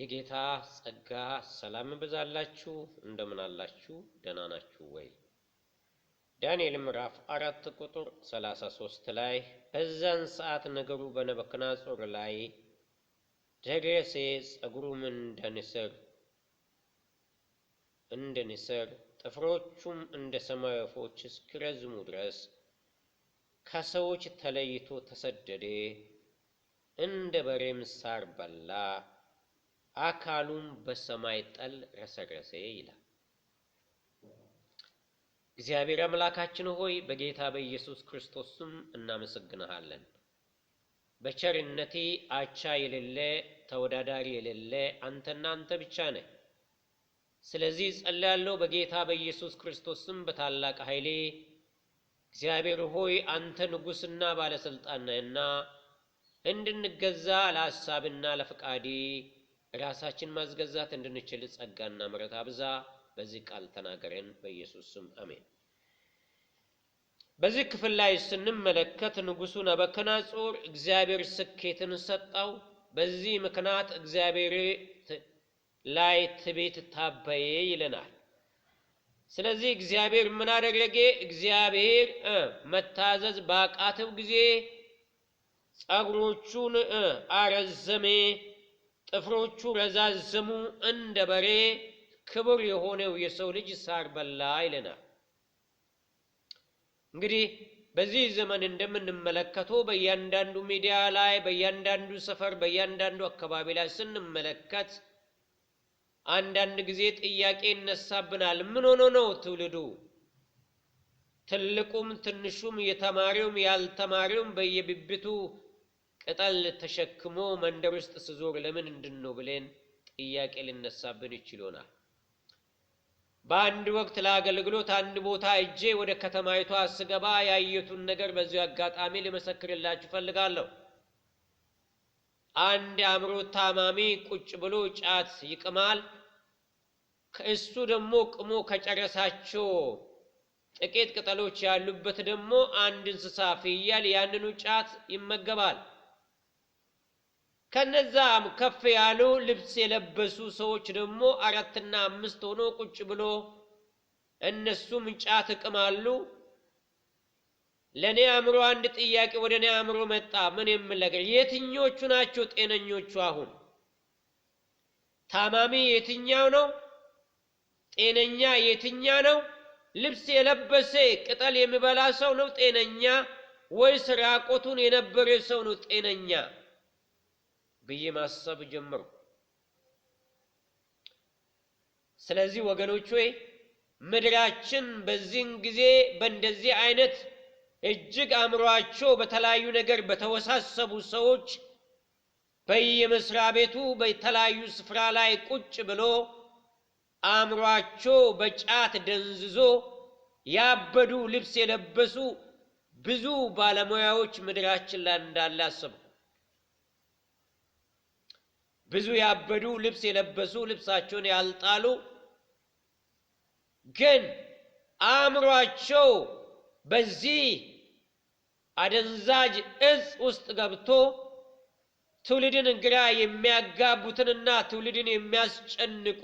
የጌታ ጸጋ ሰላም ብዛላችሁ። እንደምን አላችሁ? ደህና ናችሁ ወይ? ዳንኤል ምዕራፍ አራት ቁጥር 33 ላይ በዛን ሰዓት ነገሩ በነበክናጾር ላይ ደረሴ፣ ጸጉሩም እንደ ንስር እንደ ንስር ጥፍሮቹም እንደ ሰማይ ወፎች እስኪረዝሙ ድረስ ከሰዎች ተለይቶ ተሰደደ፣ እንደ በሬም ሳር በላ። አካሉም በሰማይ ጠል ረሰረሰ ይላል። እግዚአብሔር አምላካችን ሆይ በጌታ በኢየሱስ ክርስቶስ ስም እናመሰግንሃለን። በቸርነቴ አቻ የሌለ ተወዳዳሪ የሌለ አንተና አንተ ብቻ ነህ። ስለዚህ ጸልያለሁ በጌታ በኢየሱስ ክርስቶስ ስም በታላቅ ኃይሌ እግዚአብሔር ሆይ አንተ ንጉሥና ባለሥልጣን ነህና እንድንገዛ ለሐሳብና ለፈቃዴ ራሳችን ማስገዛት እንድንችል ጸጋና ምሕረት አብዛ። በዚህ ቃል ተናገረን፣ በኢየሱስ ስም አሜን። በዚህ ክፍል ላይ ስንመለከት ንጉሱ ናቡከደነፆር እግዚአብሔር ስኬትን ሰጠው። በዚህ ምክንያት እግዚአብሔር ላይ ትቤት ታበየ ይለናል። ስለዚህ እግዚአብሔር ምን አደረገ? እግዚአብሔር መታዘዝ ባቃተው ጊዜ ጸጉሮቹን አረዘሜ ጥፍሮቹ ረዛዝሙ እንደ በሬ ክቡር የሆነው የሰው ልጅ ሳር በላ ይለናል። እንግዲህ በዚህ ዘመን እንደምንመለከተው በእያንዳንዱ ሚዲያ ላይ፣ በእያንዳንዱ ሰፈር፣ በእያንዳንዱ አካባቢ ላይ ስንመለከት አንዳንድ ጊዜ ጥያቄ ይነሳብናል። ምን ሆኖ ነው ትውልዱ ትልቁም ትንሹም የተማሪውም ያልተማሪውም በየብብቱ ቅጠል ተሸክሞ መንደር ውስጥ ስዞር ለምን እንድን ነው ብለን ጥያቄ ሊነሳብን ይችል በአንድ ወቅት ለአገልግሎት አንድ ቦታ እጄ ወደ ከተማይቷ ስገባ ያየቱን ነገር በዚሁ አጋጣሚ ልመሰክርላችሁ እፈልጋለሁ። አንድ አእምሮ ታማሚ ቁጭ ብሎ ጫት ይቅማል። ከእሱ ደግሞ ቅሞ ከጨረሳቸው ጥቂት ቅጠሎች ያሉበት ደግሞ አንድ እንስሳ ፍየል ያንኑ ጫት ይመገባል። ከነዛም ከፍ ያሉ ልብስ የለበሱ ሰዎች ደግሞ አራትና አምስት ሆኖ ቁጭ ብሎ እነሱም ጫት እቅማሉ። ለእኔ አእምሮ አንድ ጥያቄ ወደ እኔ አእምሮ መጣ። ምን የምለገር የትኞቹ ናቸው ጤነኞቹ? አሁን ታማሚ የትኛው ነው? ጤነኛ የትኛ ነው? ልብስ የለበሰ ቅጠል የሚበላ ሰው ነው ጤነኛ ወይስ ራቆቱን የነበረ ሰው ነው ጤነኛ? ብዬ ማሰብ ጀመርኩ። ስለዚህ ወገኖች ሆይ ምድራችን በዚህን ጊዜ በእንደዚህ አይነት እጅግ አእምሯቸው በተለያዩ ነገር በተወሳሰቡ ሰዎች በየመስሪያ ቤቱ በተለያዩ ስፍራ ላይ ቁጭ ብሎ አእምሯቸው በጫት ደንዝዞ ያበዱ ልብስ የለበሱ ብዙ ባለሙያዎች ምድራችን ላይ እንዳለ አሰብኩ። ብዙ ያበዱ ልብስ የለበሱ ልብሳቸውን ያልጣሉ ግን አእምሯቸው በዚህ አደንዛጅ እጽ ውስጥ ገብቶ ትውልድን ግራ የሚያጋቡትንና ትውልድን የሚያስጨንቁ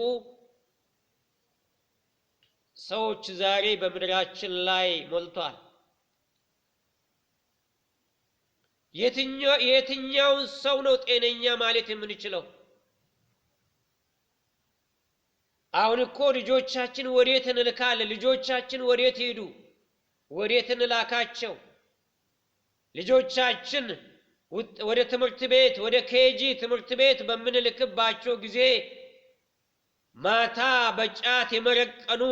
ሰዎች ዛሬ በምድራችን ላይ ሞልቷል። የትኛውን ሰው ነው ጤነኛ ማለት የምንችለው? አሁን እኮ ልጆቻችን ወዴት እንልካለን? ልጆቻችን ወዴት ሄዱ? ወዴት እንላካቸው? ልጆቻችን ወደ ትምህርት ቤት ወደ ኬጂ ትምህርት ቤት በምንልክባቸው ጊዜ ማታ በጫት የመረቀኑ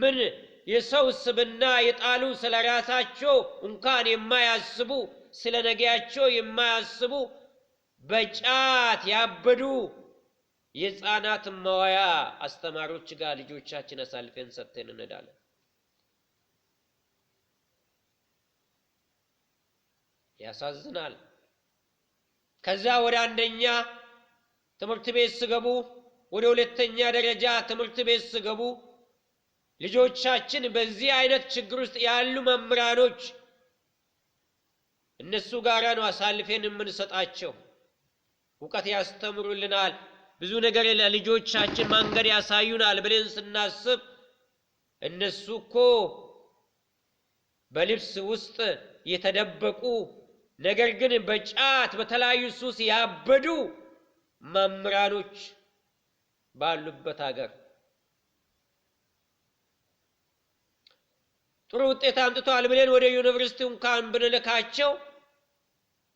ምን የሰው ስብና የጣሉ ስለ ራሳቸው እንኳን የማያስቡ ስለ ነገያቸው የማያስቡ በጫት ያበዱ የህፃናት መዋያ አስተማሪዎች ጋር ልጆቻችን አሳልፈን ሰጥተን እንሄዳለን። ያሳዝናል። ከዛ ወደ አንደኛ ትምህርት ቤት ስገቡ፣ ወደ ሁለተኛ ደረጃ ትምህርት ቤት ስገቡ ልጆቻችን በዚህ አይነት ችግር ውስጥ ያሉ መምህራኖች እነሱ ጋራ ነው አሳልፌን የምንሰጣቸው። እውቀት ያስተምሩልናል። ብዙ ነገር ለልጆቻችን መንገድ ያሳዩናል ብለን ስናስብ እነሱ እኮ በልብስ ውስጥ የተደበቁ ነገር ግን በጫት በተለያዩ ሱስ ያበዱ መምህራኖች ባሉበት ሀገር ጥሩ ውጤት አምጥተዋል ብለን ወደ ዩኒቨርሲቲ እንኳን ብንልካቸው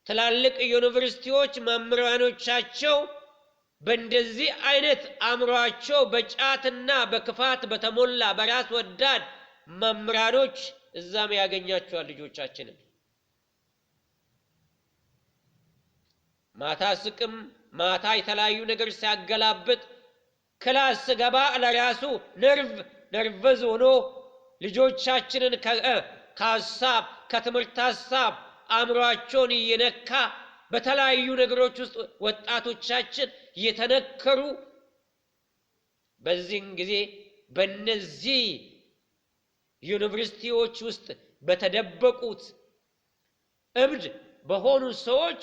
ትላልቅ ዩኒቨርሲቲዎች መምህራኖቻቸው በእንደዚህ አይነት አእምሯቸው በጫትና በክፋት በተሞላ በራስ ወዳድ መምህራኖች እዛም ያገኛቸዋል ልጆቻችንን። ማታ ስቅም ማታ የተለያዩ ነገር ሲያገላብጥ ክላስ ገባ ለራሱ ነርቭ ነርቨዝ ሆኖ ልጆቻችንን ከሀሳብ ከትምህርት ሀሳብ አእምሯቸውን እየነካ በተለያዩ ነገሮች ውስጥ ወጣቶቻችን የተነከሩ በዚህን ጊዜ በእነዚህ ዩኒቨርሲቲዎች ውስጥ በተደበቁት እብድ በሆኑ ሰዎች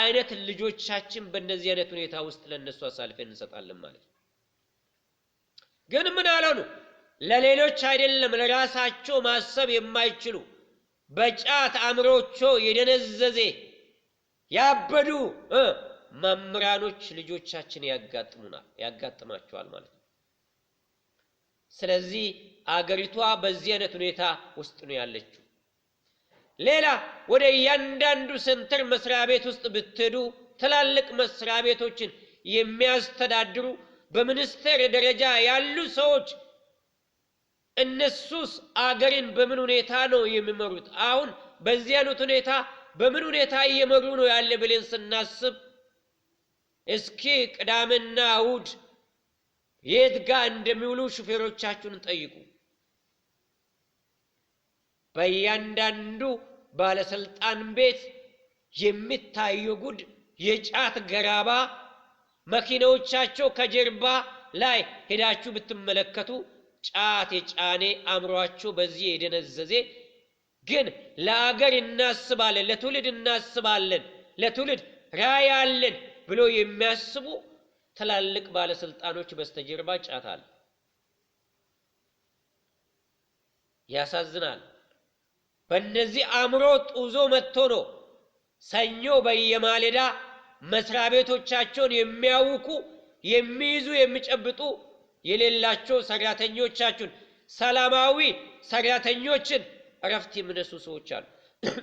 አይነት ልጆቻችን በእነዚህ አይነት ሁኔታ ውስጥ ለእነሱ አሳልፈን እንሰጣለን ማለት ነው። ግን ምን አለኑ? ለሌሎች አይደለም ለራሳቸው ማሰብ የማይችሉ በጫት አእምሮቸው የደነዘዜ ያበዱ መምህራኖች ልጆቻችን ያጋጥሙናል ያጋጥማቸዋል ማለት ነው። ስለዚህ አገሪቷ በዚህ አይነት ሁኔታ ውስጥ ነው ያለችው። ሌላ ወደ እያንዳንዱ ሴንተር መስሪያ ቤት ውስጥ ብትሄዱ ትላልቅ መስሪያ ቤቶችን የሚያስተዳድሩ በሚኒስቴር ደረጃ ያሉ ሰዎች እነሱስ አገርን በምን ሁኔታ ነው የሚመሩት? አሁን በዚህ አይነት ሁኔታ በምን ሁኔታ እየመሩ ነው ያለ ብለን ስናስብ እስኪ ቅዳሜና እሑድ የት ጋር እንደሚውሉ ሹፌሮቻችሁን ጠይቁ። በእያንዳንዱ ባለስልጣን ቤት የሚታየው ጉድ የጫት ገራባ መኪናዎቻቸው ከጀርባ ላይ ሄዳችሁ ብትመለከቱ ጫት የጫኔ አእምሯቸው በዚህ የደነዘዜ ግን ለአገር እናስባለን፣ ለትውልድ እናስባለን፣ ለትውልድ ራዕይ አለን ብሎ የሚያስቡ ትላልቅ ባለስልጣኖች በስተጀርባ ጫታል። ያሳዝናል። በእነዚህ አእምሮ ጡዞ መጥቶ ነው ሰኞ በየማለዳ መስሪያ ቤቶቻቸውን የሚያውኩ የሚይዙ የሚጨብጡ የሌላቸው ሰራተኞቻችሁን ሰላማዊ ሰራተኞችን እረፍት የሚነሱ ሰዎች አሉ።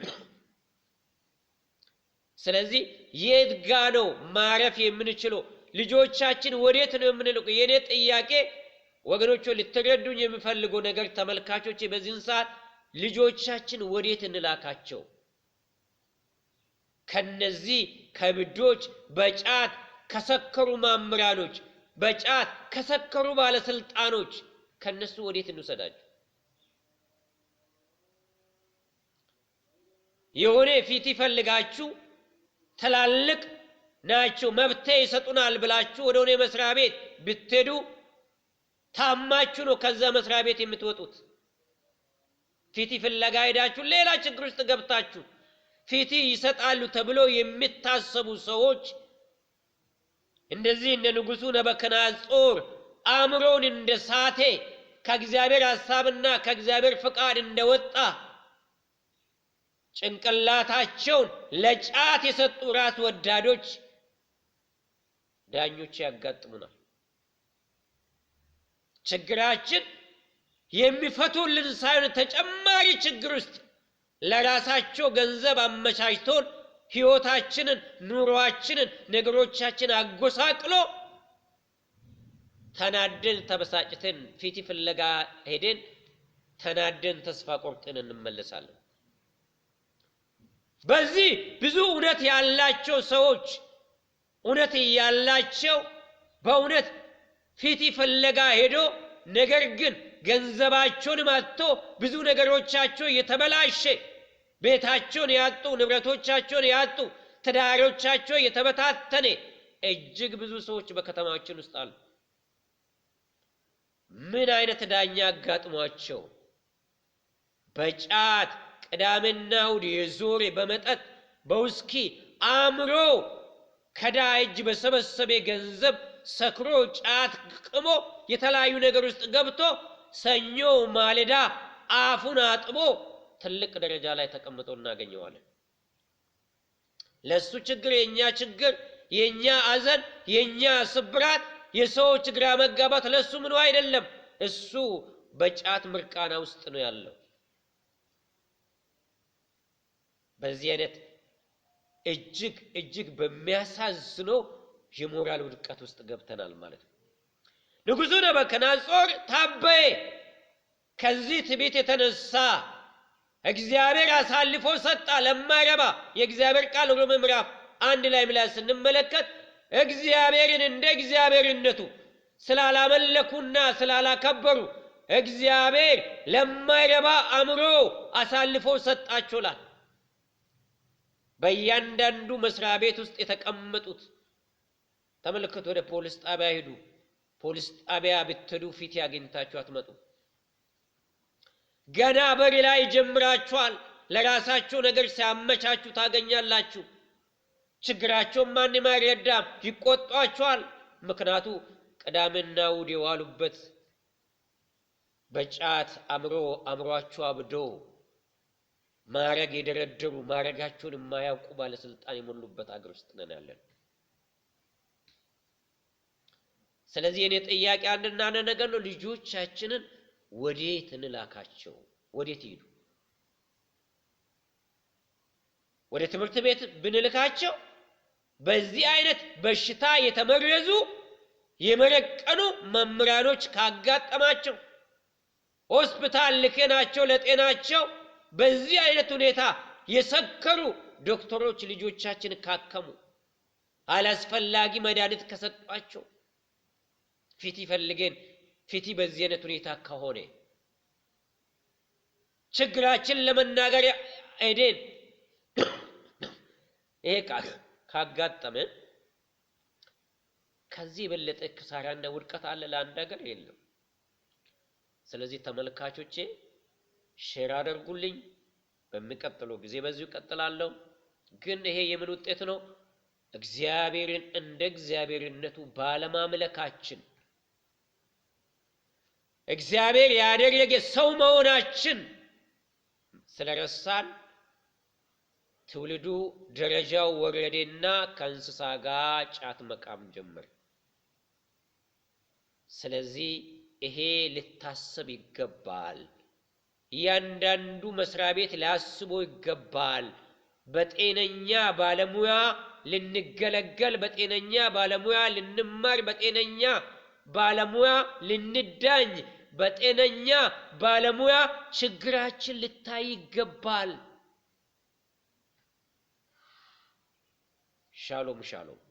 ስለዚህ የት ጋ ነው ማረፍ የምንችለው? ልጆቻችን ወዴት ነው የምንልቁ? የእኔ ጥያቄ ወገኖቹ ልትረዱኝ የምፈልገው ነገር ተመልካቾች፣ በዚህን ሰዓት ልጆቻችን ወዴት እንላካቸው? ከነዚህ ከብዶች፣ በጫት ከሰከሩ ማምራኖች በጫት ከሰከሩ ባለስልጣኖች ከነሱ ወዴት እንውሰዳቸው? የሆነ ፊት ይፈልጋችሁ ትላልቅ ናቸው መብቴ ይሰጡናል ብላችሁ ወደ ሆነ መስሪያ ቤት ብትሄዱ ታማችሁ ነው ከዛ መስሪያ ቤት የምትወጡት። ፊት ፍለጋ ሄዳችሁ ሌላ ችግር ውስጥ ገብታችሁ ፊት ይሰጣሉ ተብሎ የሚታሰቡ ሰዎች እንደዚህ እንደ ንጉሡ ነበከናጾር አእምሮውን እንደ ሳቴ ከእግዚአብሔር ሐሳብና ከእግዚአብሔር ፍቃድ እንደወጣ ጭንቅላታቸውን ለጫት የሰጡ ራስ ወዳዶች ዳኞች ያጋጥሙናል። ችግራችን የሚፈቱልን ሳይሆን ተጨማሪ ችግር ውስጥ ለራሳቸው ገንዘብ አመቻችቶን ሕይወታችንን፣ ኑሯችንን፣ ነገሮቻችን አጎሳቅሎ ተናደን ተበሳጭተን ፊት ፍለጋ ሄደን ተናደን ተስፋ ቆርጠን እንመለሳለን። በዚህ ብዙ እውነት ያላቸው ሰዎች እውነት ያላቸው በእውነት ፊት ፍለጋ ሄዶ ነገር ግን ገንዘባቸውን አጥቶ ብዙ ነገሮቻቸው የተበላሸ ቤታቸውን ያጡ፣ ንብረቶቻቸውን ያጡ፣ ትዳሮቻቸው የተበታተነ እጅግ ብዙ ሰዎች በከተማችን ውስጥ አሉ። ምን አይነት ዳኛ አጋጥሟቸው በጫት ቅዳሜና እሑድ የዞሬ በመጠጥ በውስኪ አምሮ ከዳይ እጅ ገንዘብ ሰክሮ ጫት ቅሞ የተለያዩ ነገር ውስጥ ገብቶ ሰኞ ማለዳ አፉን አጥቦ ትልቅ ደረጃ ላይ ተቀምጦ እናገኘዋለን። ለእሱ ችግር የእኛ ችግር፣ የእኛ አዘን የእኛ ስብራት፣ የሰዎች ግራ መጋባት ለእሱ ምኑ አይደለም። እሱ በጫት ምርቃና ውስጥ ነው ያለው። በዚህ አይነት እጅግ እጅግ በሚያሳዝነው የሞራል ውድቀት ውስጥ ገብተናል ማለት ነው። ንጉሱ ነበከናጾር ታበየ። ከዚህ ትዕቢት የተነሳ እግዚአብሔር አሳልፎ ሰጣ ለማይረባ የእግዚአብሔር ቃል ሮሜ ምዕራፍ አንድ ላይ ምላስ ስንመለከት እግዚአብሔርን እንደ እግዚአብሔርነቱ ስላላመለኩና ስላላከበሩ እግዚአብሔር ለማይረባ አእምሮ አሳልፎ ሰጣችሁላል። በእያንዳንዱ መስሪያ ቤት ውስጥ የተቀመጡት ተመልከቱ። ወደ ፖሊስ ጣቢያ ሂዱ። ፖሊስ ጣቢያ ብትሄዱ ፊት ያገኝታችሁ አትመጡ። ገና በሪ ላይ ጀምራችኋል። ለራሳቸው ነገር ሲያመቻችሁ ታገኛላችሁ። ችግራቸውን ማንም አይረዳም፣ ይቆጧችኋል። ምክንያቱ ቅዳሜና እሑድ የዋሉበት በጫት አምሮ አምሯችሁ አብዶ ማዕረግ የደረደሩ ማዕረጋቸውን የማያውቁ ባለስልጣን የሞሉበት አገር ውስጥ ነን ያለን። ስለዚህ እኔ ጥያቄ አንድና አንድ ነገር ነው። ልጆቻችንን ወዴት እንላካቸው? ወዴት ይሄዱ? ወደ ትምህርት ቤት ብንልካቸው በዚህ አይነት በሽታ የተመረዙ የመረቀኑ መምህራኖች ካጋጠማቸው ሆስፒታል ልከናቸው ለጤናቸው በዚህ አይነት ሁኔታ የሰከሩ ዶክተሮች ልጆቻችን ካከሙ፣ አላስፈላጊ መድኃኒት ከሰጧቸው ፊት ይፈልገን ፊት በዚህ አይነት ሁኔታ ከሆነ ችግራችን ለመናገር ሄደን ይሄ ካጋጠመ ከዚህ የበለጠ ክሳራና ውድቀት አለ ለአንድ ሀገር የለም። ስለዚህ ተመልካቾቼ ሼር አድርጉልኝ። በሚቀጥለው ጊዜ በዚሁ እቀጥላለሁ። ግን ይሄ የምን ውጤት ነው? እግዚአብሔርን እንደ እግዚአብሔርነቱ ባለማምለካችን እግዚአብሔር ያደረገ ሰው መሆናችን ስለረሳን ትውልዱ ደረጃው ወረዴና ከእንስሳ ጋር ጫት መቃም ጀመር። ስለዚህ ይሄ ልታሰብ ይገባል። እያንዳንዱ መስሪያ ቤት ሊያስቦ ይገባል። በጤነኛ ባለሙያ ልንገለገል፣ በጤነኛ ባለሙያ ልንማር፣ በጤነኛ ባለሙያ ልንዳኝ፣ በጤነኛ ባለሙያ ችግራችን ልታይ ይገባል። ሻሎም ሻሎም።